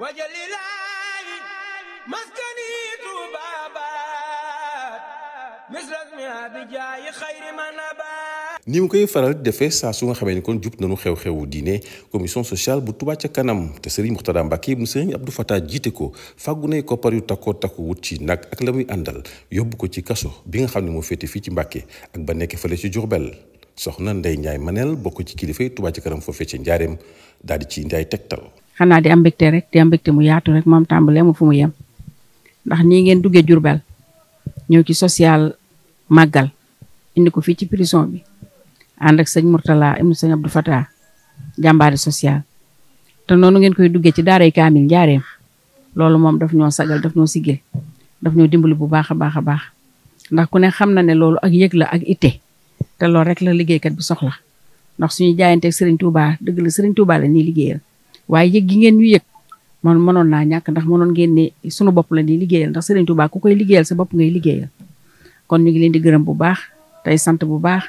wajalilaayi maskani tubaabaat misrasmi abijaayi xayri manabaat ni mu koy faral di defee saa su nga xamee ni kon jub nañu xew-xewu diine commission sociale bu Touba ca kanam te Serigne Mourtada Mbacké mu Serigne Abdou Fatah jiite ko fàggu nay koppar yu takkoo takku wut ci nag ak la muy àndal yóbbu ko ci kaso bi nga xam ne moo fete fii ci Mbacké ak ba nekk fële ci Diourbel soxna Ndeye njaay Manel bokk ci kilifa yi Touba ca kanam foofee ca njaareem daal di ci Ndiaye tegtal. xanaa di am rek di am mu yaatu rek moom tàmbalee mu fu mu yem ndax nii ngeen duggee Jurbel ñëw ki social màggal indi ko fii ci prison bi ànd ak sëñ Mourtala ibnu sëñ Abdou Fatah jàmbaari social te noonu ngeen koy duggee ci daaray kaamil njaareem loolu moom daf ñoo sagal daf ñoo siggil daf ñoo dimbali bu baax a baax a baax ndax ku ne xam na ne loolu ak yëg la ak itte te loolu rek la liggéeykat bu soxla ndax suñu jaayanteeg Serigne Touba dëgg la Serigne Touba la ñuy liggéeyal waaye yëg gi ngeen ñu yëg man mënoon naa ñàkk ndax mënoon ngeen ne sunu bopp la ni liggéeyal ndax Serigne Touba ku koy liggéeyal sa bopp ngay liggéeyal kon ñu ngi leen di gërëm bu baax tey sant bu baax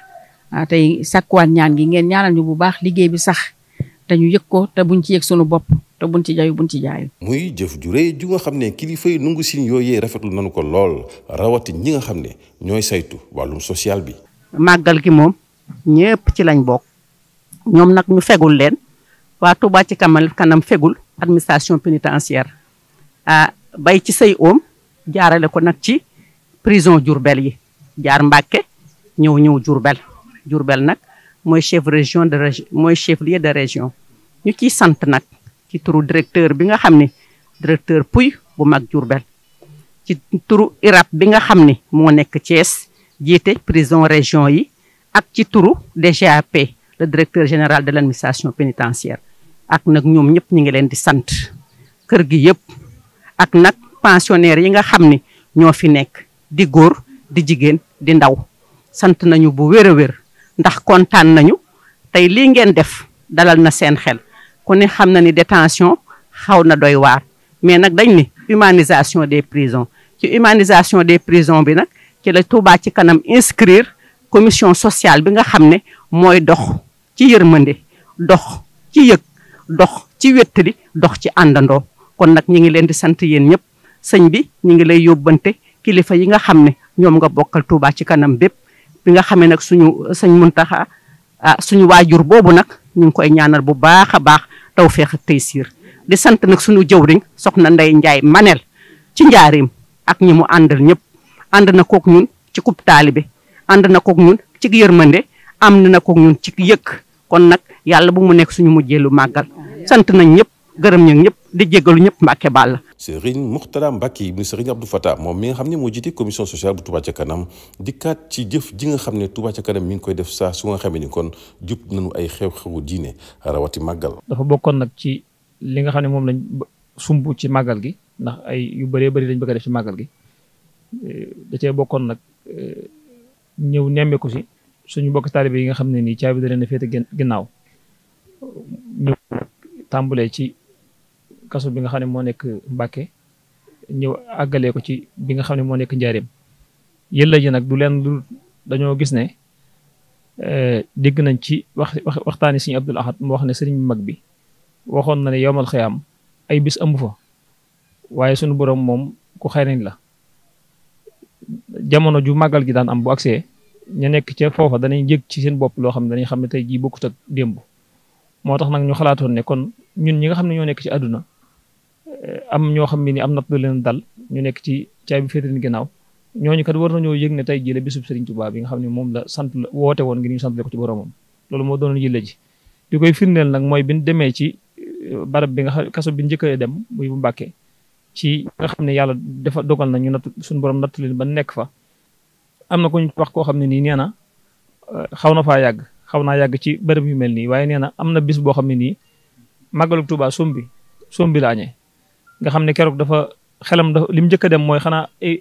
tey sakkuwaat ñaan gi ngeen ñaanal ñu bu baax liggéey bi sax te ñu yëg ko te buñ ci yëg sunu bopp te buñ ci jayu buñ ci jaayu. muy jëf ju rëy ju nga xam ne kilifa yi nungu sin yooyee rafetlu nañu ko lool rawati ñi nga xam ne ñooy saytu wàllum social bi. màggal gi moom ñëpp ci lañ bokk ñoom nag ñu leen waa Touba ci kamal kanam fegul administration pénitentiaire ah bay ci say oom jaarale ko nag ci prison Diourbel yi jaar Mbàkke ñëw ñëw Diourbel Diourbel nag mooy chef région de région mooy chef de région ñu ci sant nag ci turu directeur bi nga xam ne directeur Pouy bu mag Diourbel ci turu IRAP bi nga xam ne moo nekk Thiès jiite prison région yi ak ci turu DGAP le directeur général de l'administration pénitentiaire ak nag ñoom ñëpp ñu ngi leen di sant kër gi yëpp ak nag pensionnaires yi nga xam ni ñoo fi nekk di góor di jigéen di ndaw sant nañu bu wér a wér ndax kontaan nañu tey lii ngeen def dalal na seen xel ku ne xam na ni détention xaw na doy waar mais nag dañ ni humanisation des prisons ci humanisation des prisons bi nag ci la Touba ci kanam inscrire commission sociale bi nga xam ne mooy dox ci yërmande dox ci yëg dox ci wéttali dox ci àndandoo kon nag ñi ngi leen di sant yéen ñëpp sëñ bi ñi ngi lay yóbbante kilifa yi nga xam ne ñoom nga bokkal Touba ci kanam bépp bi nga xamee nag suñu sëñ Muntaxa ah suñu waajur boobu nag ñu ngi koy ñaanal bu baax a baax tawféex ak taysiir di sant nag suñu jëwriñ soxna Ndey Njaay maneel ci njaareem ak ñi mu àndal ñëpp ànd na kook ñun ci kub taalibe ànd na kook ñun ci yërmande am na kook ñun ci yëkk kon nag yàlla bu mu nekk suñu mujjee lu màggal sant nañ ñëpp gërëm ñëg ñëpp di jéggalu ñëpp Mbàkke baal la Serigne Mourtada Mbacké ibn Serigne Abdou Fatah moom mi nga xam ne moo jiite commission sociale bu Touba ca kanam dikkaat ci jëf ji nga xam ne Touba ca kanam mi ngi koy def saa su nga xamee ni kon jub nañu ay xew-xewu diine rawati màggal dafa bokkoon nag ci li nga xam ne moom lañ sumb ci màggal gi ndax ay yu baree bëri dañ bëgg a def ci màggal gi eh, da cee bokkoon nag eh, ñëw nemmeeku si suñu bokk taalibe yi nga xam ne nii caabi da leen a ginnaaw tàmbulee ci kaso bi nga xam ne moo nekk mbakke ñëw àggalee ko ci bi nga xam ne moo nekk Njaareem yëlla ji nag du leen lu dañoo gis ne eh, dégg nañ ci wax waxtaani Sëriñ Abdul Ahad mu wax ne sëriñ mag bi waxoon na ne yowmal am ay bis ëmb fa waaye sunu boroom moom ku xereñ la jamono ju màggal gi daan am bu aksee ñu nekk ca foofa danañ yëg ci seen bopp loo xam ne dañuy xam ne tey jii bokkut ak démb moo tax nag ñu xalaatoon ne kon ñun ñi nga xam ne ñoo nekk ci àdduna eh, am ñoo xam ne ni am natt leen dal ñu nekk ci caabi féetali ginnaaw ñooñu kat war nañoo yëg ne tey jii la bisub Sëriñ Tuubaa bi nga xam ne moom la sant la woote woon ngir ñu sant ko ci boroom loolu moo doon doonoon yëlla ji li koy firndeel nag mooy bi ñu demee ci eh, barab bi nga xam kaso bi njëkk a dem muy bu Mbàkke ci nga xam ne yàlla dafa dogal na ñu natt suñu borom natt leen ba nekk fa am na ku ñu wax koo xam ne nii nee na eh, xaw na faa yàgg xaw naa yàgg ci bërëb yu mel nii waaye nee na am na bis boo xam ne nii màggalug tubaa sombi sombi la añee nga xam ne keroog dafa xelam dafa li mu njëkk a dem mooy xanaa eh,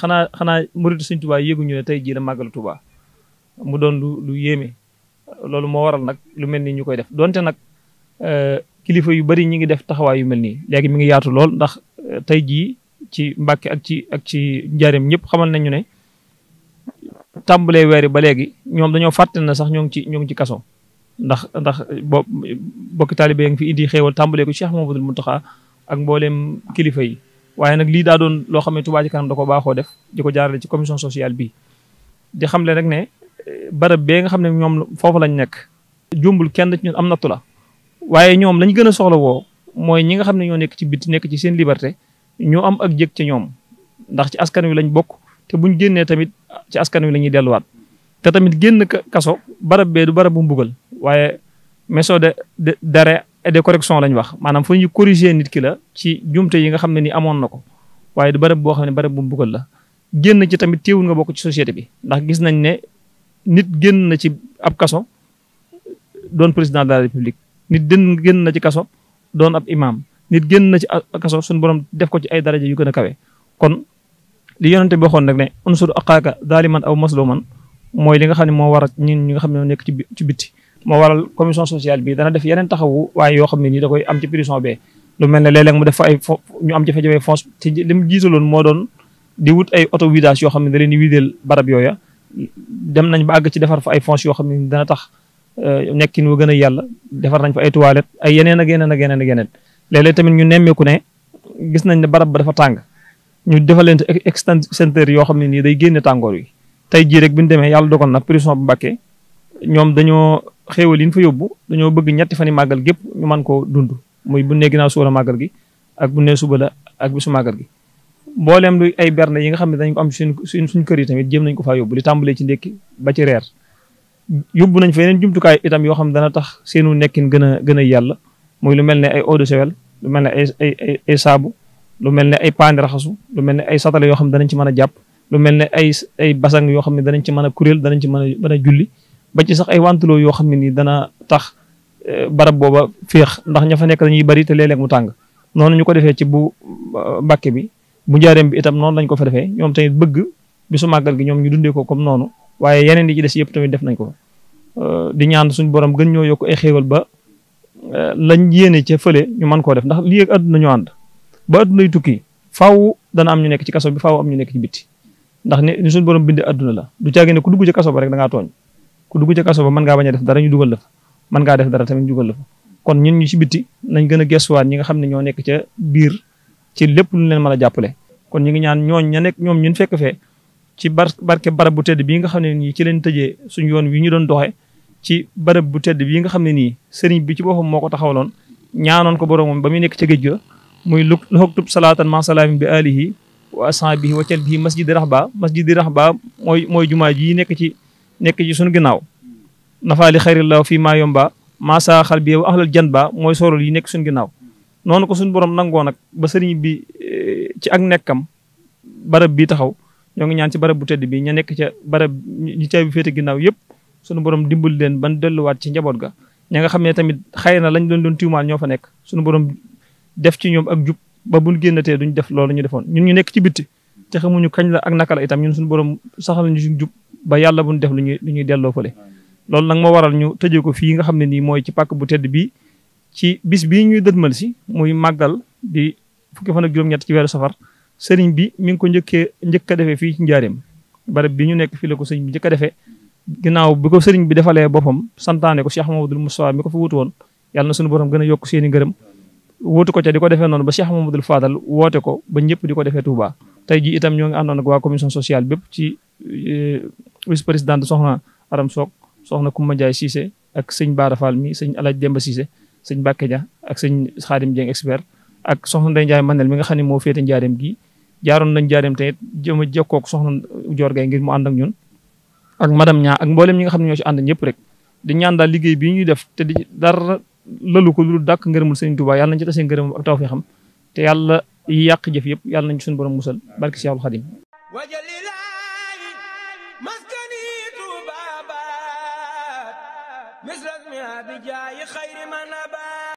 xanaa xanaa murid Sëñ Tuuba yéeguñu ne tey jii la màggalu Tuuba mu doon lu lu yéeme loolu moo waral nag lu mel ni ñu koy def donte nag eh, kilifa yu bari ñu ngi def taxawaay yu mel nii léegi mu ngi yaatu lool ndax eh, tey jii ci Mbàkke ak ci ak ci njaareem ñëpp xamal nañu ne tàmbalee weer yi ba léegi ñoom dañoo fàtte na sax ñoo ngi ci ñoo ngi ci kaso ndax ndax bo bokki taalibe yi nga fi indi xéewal tàmbalee ko Cheikh Mamadou Mountakha ak mbooleem kilifa yi waaye nag lii daa doon loo xam ne Touba Ca Kanam da ko baaxoo def di ko jaarale ci commission sociale bi di xam xamle rek ne barab bee nga xam ne ñoom foofu lañ nekk jumbul kenn da ñun am nattu la waaye ñoom lañ gën a soxla woo mooy ñi nga xam ne ñoo nekk ci biti nekk ci seen liberté ñoo am ak jëg ci ñoom ndax ci askan wi lañ bokk te buñ génnee tamit ci askan la ñuy delluwaat te tamit génn kaso barab bee du barab bu mbugal waaye maison de d'arrêt et de correction lañ wax maanaam fu ñu corriger nit ki la ci jumte yi nga xam ne ni amoon na ko waaye du barab boo xam ne barab bu buggal la génn ci tamit téewul nga bokk ci société bi ndax gis nañ ne nit génn na ci ab kaso doon président de la république nit dën génn na ci kaso doon ab imam nit génn na ci kaso suñu borom def ko ci ay daraja yu gën a kawe kon li yonente bi waxoon rek ne unsur aqaaka daaliman aw masluman mooy li nga xam ne moo war a ñun ñi nga xam ne nekk ci ci bitti moo waral commission sociale bi dana def yeneen taxawu waaye yoo xam ne nii da koy am ci prison bee lu mel ne léeg-léeg mu def fa ay ñu am jafe-jafe fonds te li mu jiitaloon moo doon di wut ay yoo xam ne da leen di wideel barab yooya dem nañ ba ci defar fa ay fonds yoo xam ne dana tax euh, nekkin wu gën a yàlla defar nañ fa ay toilettes ay yeneen ak yeneen ak yeneen ak yeneen léeg tamit ñu nemmeeku ne gis nañ ne barab ba dafa tàng ñu defal leen extincteur yoo xam ne nii day génne tàngoor wi tey jii rek bi ñu demee yàlla dogal na prison bu Mbàkke ñoom dañoo xéewal yi ñu fa yóbbu dañoo bëgg ñetti fani màggal gépp ñu mën koo dund muy bu nee ginnaaw suba màggal gi ak bu nee suba la ak bisu màggal gi mbooleem lu ay berne yi nga xam ne dañ ko am suñ suñ kër yi tamit jëm nañ ko faa yóbbu li tàmbalee ci ndékki ba ci reer yóbbu nañ fa yeneen jumtukaay itam yoo xam ne dana tax seenu nekkin gën a gën a yàlla muy lu mel ne ay eau de javel lu mel ne ay ay saabu lu mel ne ay paani raxasu lu mel ne ay satale yoo xam ne danañ ci mën a jàpp lu mel ne ay ay basang yoo xam ne danañ ci mën a kuréel danañ ci mën a mën a julli ba ci sax ay wantuloo yoo xam ne nii dana tax eh, barab booba féex ndax ña fa nekk dañuy bari te léeg-léeg mu tàng noonu ñu ko defee ci bu Mbàkke bi bu njaareem bi itam noonu lañ ko fa defee ñoom tamit bëgg bisu màggal gi ñoom ñu dundee ko comme noonu waaye yeneen di ci des yëpp tamit def nañ ko euh, di ñaan suñu borom gën ñoo yokk ay xéewal ba eh, lañ yéene ca fële ñu mën koo def ndax lii ak àdduna ñu ànd ba àdduna yu tukki faw dana am ñu nekk ci kaso bi faaw am ñu nekk ci bitti ndax ne ni suñu borom bindee adduna la du caagi ne ku dugg ca kaso ba rek da ngaa tooñ ku dugg ca kaso ba mën ngaa a def dara ñu dugal la fa mën ngaa def dara tamit ñu dugal la fa kon ñun ñu ci bitti nañ gën a gestuwaat ñi nga xam ne ñoo nekk ca biir ci lépp lu leen mën a jàppale kon ñu ngi ñaan ñooñ ña nekk ñoom ñun fekk ci bar barke barab bu tedd bii nga xam ne nii ci leen tëjee suñu yoon wi ñu doon doxee ci barab bu tedd bi nga xam ne nii sëriñ bi ci boppam moo ko taxawaloon ñaanoon ko boroomam ba mu nekk ca géej ga muy lu loxoog tub salaatan ma salaamin bi alihi wa ashabihi wa calbihi masjidi raxba masjidi raxba mooy mooy jumaa ji nekk ci nekk ci sunu ginnaaw nafaali la fii maa yomba maasaa xal bi wa ahlal jan ba mooy sorol yi nekk sunu ginnaaw noonu ko suñu boroom nangoo nag ba sëriñ bi eh, ci ak nekkam barab bi taxaw ñoo ngi ñaan ci barab bu tedd bi ña nekk ca barab ñi cay bi féete ginnaaw yëpp sunu borom dimbal leen ban delluwaat ci njaboot ga ña nga xam ne tamit xëy na lañ doon doon tiimaal ñoo fa nekk sunu borom def ci ñoom ak jub ba buñ génnatee ñu def loolu ñu defoon ñun ñu nekk ci bitti te xamuñu kañ la ak naka la itam ñun suñu borom saxal ñu suñu ba yàlla buñ def lu ñuy lu ñuy delloo fële loolu nag moo waral ñu tëjee ko fii nga xam ne nii mooy ci pàkk bu tedd bi ci bis bii ñuy dëdmal si muy màggal di fukki fan ak juróom-ñett ci weeru safar sëriñ bi mi ngi ko njëkkee njëkk defee fii ci njaareem barab bi ñu nekk fii la ko sëriñ bi njëkk defee ginnaaw bi ko sëriñ bi defalee boppam santaane ko Cheikh mu Moustapha mi ko fi wutu woon yàlla na borom gën a yokk seeni i ngërëm wuutu ko ca di ko defee noonu ba Cheikh Mamadou Fadal woote ko ba ñëpp di ko defee Touba. tey ji itam ñoo ngi àndoon ak waa commission sociale bépp ci eh, vice présidente soxna Aram Sock soxna Koumba Ndiaye Cissé ak sëñ Bara Fall mi sëñ El Demba Cissé sëñ Mbacke Dia ak sëñ Xaadim Dieng expert ak soxna Ndeye Ndiaye Manel mi nga xam ne moo féete njaareem gi jaaroon nañ njaareem te jëm a jokkoog soxna Dior Gaye ngir mu ànd ak ñun ak madame ñaa ak mboolem xam ne ñoo ñëpp rek lalu ko lu dàkk ngërëmul sëriñ Tuubaa yàlla nañ ci tasee ngërëm ak tawfeexam te yàlla yi yàq jëf yëpp yàlla nañ ci suñu borom musal barki Seexul Xadim مثل اسمها بجاي خير من أبات